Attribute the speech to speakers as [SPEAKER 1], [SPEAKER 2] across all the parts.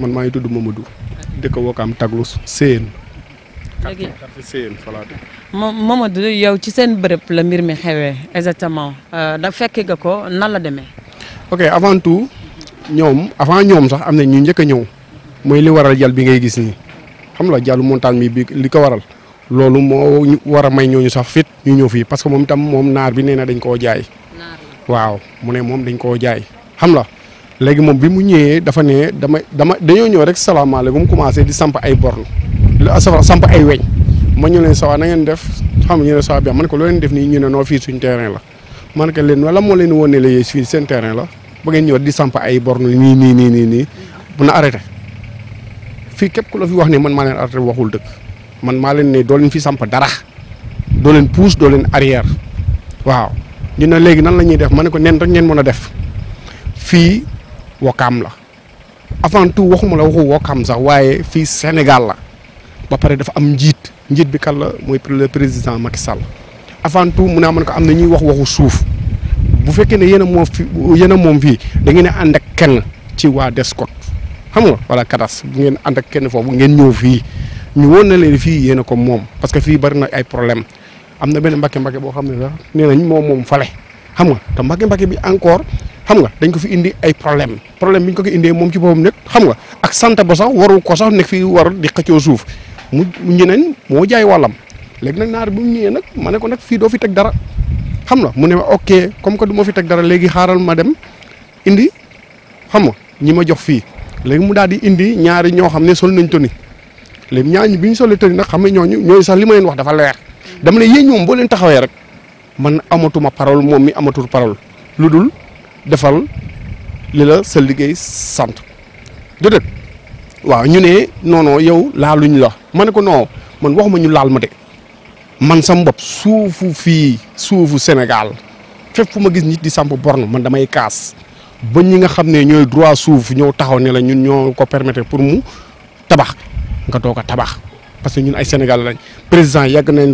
[SPEAKER 1] man maa ngi tudd Mamadou dëkk Wokam Taglus Seen. léegi Seen voilà. Mamadou yow ci seen bërëb la mbir mi xewee exactement euh, da fekk nga ko nan la demee. ok avant tout ñoom avant ñoom sax am na ñu njëkk a ñëw mooy li waral jàll bi ngay gis nii xam la jàllu montagne bi li ko waral loolu moo war a may ñooñu sax fit ñu ñëw fii parce que moom itam moom naar bi nee na dañ koo jaay. waaw mu ne moom dañ koo jaay xam la. léegi moom bi mu ñëwee dafa ne dama dama dañoo ñëw rek salaamaaleykum commencé di samp ay borne safara samp ay weñ ma ñu leen sawaa na ngeen def xam nga ñu ne sawaa bi man ko loo def nii ñu ne noo fii suñ terrain la man ko leen wala moo leen wane la yées fii seen la ba ngeen ñëw di samp ay borne nii nii nii nii nii bu na arrêté fii képp ku la fi wax ne man maa leen arrêté waxul dëkk man maa leen ne doo leen fi dara doo leen pousse doo leen arrière waaw ñu ne léegi nan la ñuy def ma ne ko nen rek ngeen mën a def fii wakaam la avant tout waxuma la waxu wakaam sax waaye fii Sénégal la ba pare dafa am njiit njiit bi kan la mooy le président Macky Sall avant tout mu naa mën ko am na ñuy wax waxu suuf bu fekkee ne yéen a moom fi yéen moom fii da ngeen a ànd ak kenn ci waa Descos xam nga wala kadas bu ngeen ànd ak kenn foofu ngeen ñëw fii ñu woon na leen fii yéen ko moom parce que fii bari na ay problème am na benn mbake mbake boo xam ne sax nee nañ moom moom fale xam nga te mbake mbake bi encore xam nga dañ ko fi indi ay problème problème bi ñu ko ko indee moom ci boppam nekk xam nga ak santé ba sax warul ko sax nekk fii war di xëccoo suuf mu ñeneen moo jaay wàllam léegi nag naar bi mu ñëwee nag ma ne ko nag fii doo fi teg dara xam nga mu ne ma ok comme que du ma fi teg dara léegi xaaral ma dem indi xam nga ñi ma jox fii léegi mu daal di indi ñaari ñoo xam ne sol nañ toni léegi ñaañu bi ñu solee toni nag xam ne ñooñu ñooñu sax li ma leen wax dafa leer dama ne yéen ñoom boo leen taxawee rek man amatuma parole moom mi amatul parole lu dul defal li la sa liggéey sant du dëgg waaw ñu ne noonoo non yow laaluñ la ma ne ko non man waxuma ñu laal ma de man sam mbopp suufu fii suufu Sénégal fépp fu ma gis nit di samp borne man damay kaas ba ñi nga xam ne ñooy droit suuf ñoo taxaw ne la ñun ñoo ko permettre pour mu tabax nga doog a tabax parce que ñun ay Sénégal lañ président yàgg nañ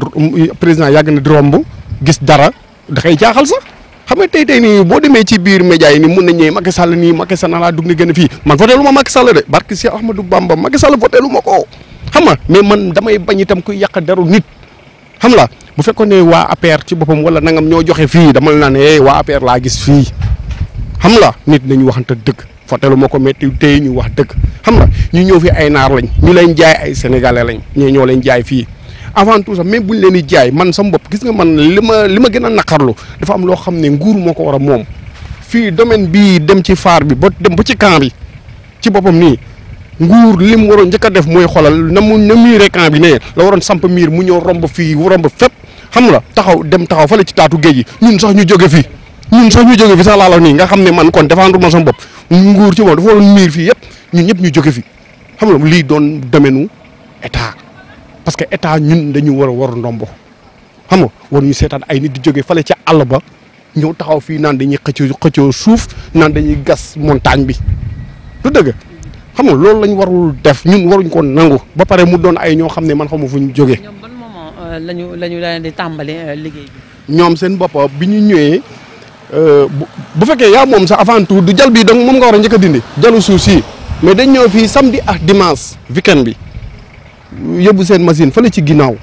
[SPEAKER 1] président yàgg na di gis dara da jaaxal sax. xam nga tey tey nii boo demee ci biir média yi nii mun na ñëw Macky Sall nii Macky Sall laa dugg na gën a fii man voté lu ma Macky Sall de barke si Ahmadou Bamba Macky Sall voté lu ma ko xam nga mais man damay bañ itam kuy yàq deru nit xam la bu fekkoon ne waa APR ci boppam wala nangam ñoo joxe fii dama la naan eh, waa APR laa gis fii xam la nit nañu waxante dëgg fotelu ma ko métti tey ñu wax dëgg xam la ñu ñëw fi ay naar lañ ñu leen jaay ay sénégalais lañ ñee ñoo leen jaay fii avant tout sax même bu ñu leen di jaay man sama bopp gis nga man li ma li ma gën a naqarlu dafa am loo xam ne nguur moo ko war a moom fii domaine bii dem ci faar bi ba dem ba ci kaam bi ci boppam nii nguur li mu waroon njëkk a def mooy xolal na mu na miire camp bi ne la waroon samp miir mu ñëw romb fii romb fépp xam la taxaw dem taxaw fale ci taatu géej yi ñun sax ñu jóge fii ñun sax ñu jóge fi sax laala nii nga xam ne man kon défendre ma sama bopp nguur ci moom dafa waroon miir fii yëpp ñun ñëpp ñu jóge fi xam nga lii doon domaine état parce que état ñun dañu war a war ndombo xam nga war ñu seetaan ay nit di jóge fale ca àll ba ñëw taxaw fii naan dañuy xëccoo xëccoo suuf naan dañuy gas montagne bi du dëgg xam nga loolu lañ warul def ñun waruñ ko nangu ba pare mu doon ay ñoo xam ne man xamu fu ñu jógee. ñoom ban moment euh, lañu lañu leen di tàmbali euh, liggéey ñoom seen bopp bi ñu ñëwee euh, bu fekkee yaa moom sax avant tout du jal bii donc moom nga war a njëkk a dindi. jalu suuf si mais dañ ñëw fii samedi ak dimanche weekend bi. yóbbu seen machine fële ci ginnaaw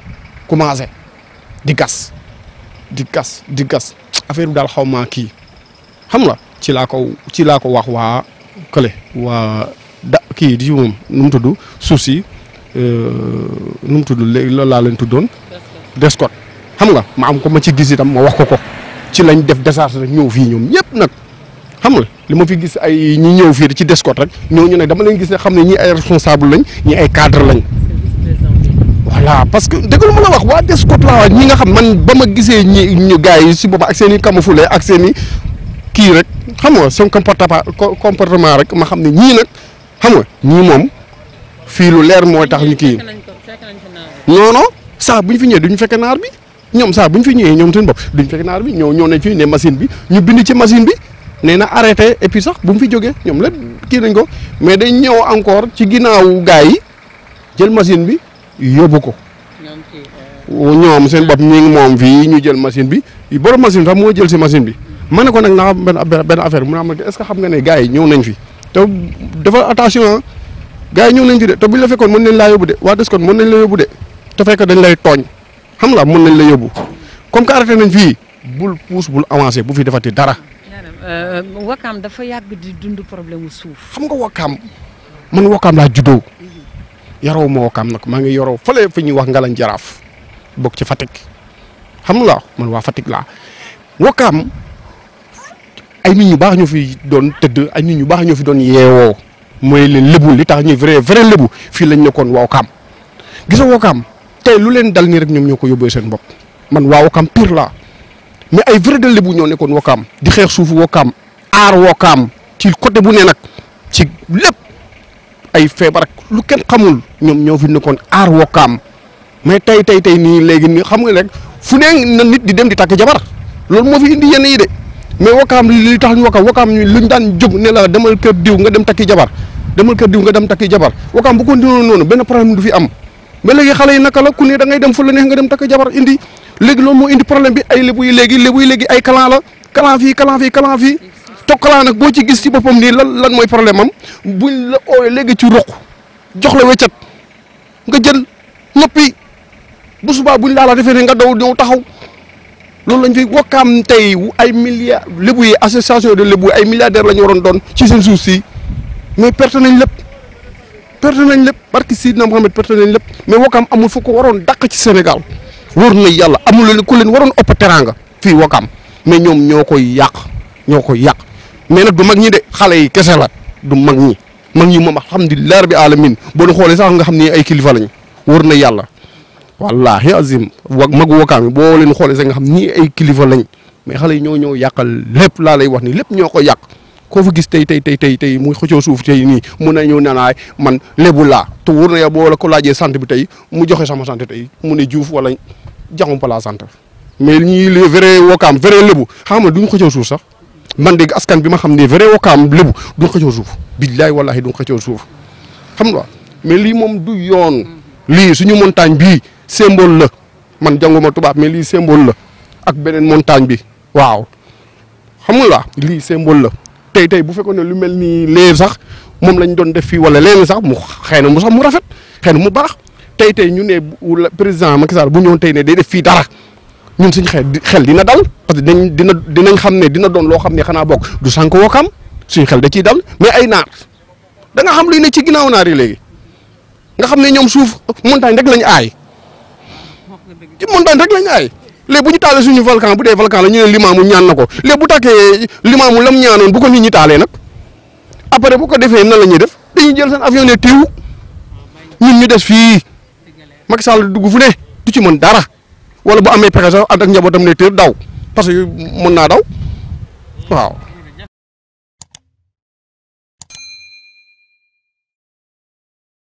[SPEAKER 1] commencé di gas di gas di gas affaire bi daal xaw maa kii xam nga ci laa ko ci laa ko wax waa kële waa da kii di moom nu mu tudd suuf si euh, nu mu tudd léegi loolu laa leen tuddoon. descot xam nga ma am ko ma ci gis itam ma wax ko ko ci lañ def décharge rek ñëw fii ñoom ñëpp nag xam nga li ma fi gis ay ñi ñëw fii ci descot rek ñu ne dama leen gis ne xam ne ñii ay responsable lañ ñi ay cadre lañ. voilà parce que dëgg ma la wax waa des Descos laa ñi nga xam man ba ma gisee ñi ñu gars yi si boppam ak seen i camouflé ak seen i kii rek xam nga seen comportement rek ma xam ne ñii nag xam ñii moom fii lu leer mooy tax ñu kii non non saa bu ñu fi ñëwee duñu fekk naar bi ñoom saa buñ fi ñëwee ñoom seen bopp duñu fekk naar bi ñoo ñoo nañ fi ne machine bi ñu bind ci machine bi nee na arrêté et puis sax bu mu fi jógee ñoom la kii nañ ko mais dañ ñëw encore ci ginnaawu gars yi jël machine bi. yóbbu ko. ñoom seen bopp ñu ngi moom fii ñu jël machine bi borom machine sax moo jël si machine bi. ma ne ko nag naa xam benn benn affaire mu ne ma est-ce que xam nga ne gars yi ñëw nañ fi te dafa attention ah, gars yi ñëw nañ fi de te buñ la fekkoon mën nañ laa yóbbu de waa des kon mën nañ la yóbbu de te fekk dañ lay tooñ xam nga mën nañ la yóbbu comme que nañ fii bul pousse bul avancé bu fi defati dara. Euh, Wakaam dafa yàgg di dund problème mu suuf. xam nga Wakaam man Wakaam laa juddoo. yaroo ma wakaam nag maa ngi yoroo fële fi ñuy wax Ngalañ Jaraaf bokk ci fatik xam la man waa Fatick laa wakaam ay nit ñu baax ñoo fi doon tëdd ay nit ñu baax ñoo fi doon yeewoo mooy leen lébu li tax ñuy vrai vrai lébu fii lañ nekkoon waa wakaam gis nga wakaam tey lu leen dal nii rek ñoom ñoo ko yóbbee seen bopp man waa wakaam pire laa mais ay vrai de lébu ñoo nekkoon wakaam di xeex suufu wakaam aar wakaam ci côté bu ne nag ci lépp. ay feebar ak lu kenn xamul ñoom ñoo fi nekkoon aar wokkaam mais tey tey tey nii léegi nii xam nga rek fu nee na nit di dem di takk jabar loolu moo fi indi yenn yi de mais wokkaam li tax ñu wokkaam wokkaam ñu luñ daan jóg ne la demal kër diw nga dem takki jabar demal kër diw nga dem takki jabar wokkaam bu ko noon noonu benn problème du fi am mais léegi xale yi naka la ku ne da ngay dem fu la nga dem takk jabar indi léegi lool moo indi problème bi ay lébu yi léegi lébu yi léegi la clan fii clan fii Dhocala nag boo ci gis ci boppam nii lan lan mooy problème am buñ la ooyee léegi ci ruq jox la weccat nga jël noppi bu subaa buñ laa la defee ne nga daw ñëw taxaw loolu lañ fi wokkaam tey ay milliards lébu yi association de lébu ay milliardaires la ñu waroon doon ci seen suuf si mais perte nañ lépp perte nañ lépp barki Sidna Mohamed perte nañ lépp mais wokkaam amul fu ko waroon daq ci Sénégal wóor na yàlla amul ku leen waroon ëpp teraanga fii wokkaam mais ñoom ñoo koy yàq ñoo koy yàq. mais nag du mag ñi de xale yi kese la du mag ñi mag ñi moom alhamdulilah rabbi alamin boo xoolee sax nga xam ne ay kilifa lañu wër na yàlla wallahi azim wa mag wakaam yi boo leen xoolee sax nga xam ni ay kilifa lañ mais xale yi ñoo ñëw yàqal lépp laa lay wax ni lépp ñoo ko yàq koo fa gis tey tey tey tey tey muy xëccoo suuf tey nii mun na ñëw nanaay man lébu laa te war na yàlla boo la ko laajee sant bi tey mu joxe sama sant tey mu ne juuf wala jaxum pa laa sant mais ñii les vrais wakaam vrai lébu xam nga duñ xëccoo suuf sax man de askan bi ma xam ne vrai Wakaam lébu duñ xëccoo suuf billaay wallahi duñ xëccoo suuf xam nga mais lii moom du yoon lii suñu montagne bii symbole la man jànguma tubaab mais lii symbole la ak beneen montagne bi waaw xam nga lii symbole la tey tey bu fekkoon ne lu mel nii leer sax moom lañ doon def fii wala leen sax mu xëy na mu sax mu rafet xëy na mu baax tey tey ñu ne président Macky Sall bu ñëwoon tey ne day def fii dara ñun suñ xel xel dina dal parce que dinañ dina dinañ xam ne dina doon loo xam ne xanaa bokk du sànq wokkam suñ xel da ciy dal mais ay naar da nga xam luy ne ci ginnaaw naar yi léegi nga xam ne ñoom suuf montagne rek lañ aay ci montagne rek lañ aay léegi bu ñu taalee suñu volcan bu dee volcan la ñu ne limaamu ñaan na ko léegi bu tàkkee limaamu lam ñaanoon bu ko nit ñi taalee nag après bu ko defee na la ñuy def dañuy jël seen avion ne tiw ñun ñu des fii Macky Sall dugg fu ne du ci moon dara. wala boo amee pexe sax ànd ak njabootam ne teel daw parce que mën naa daw waaw.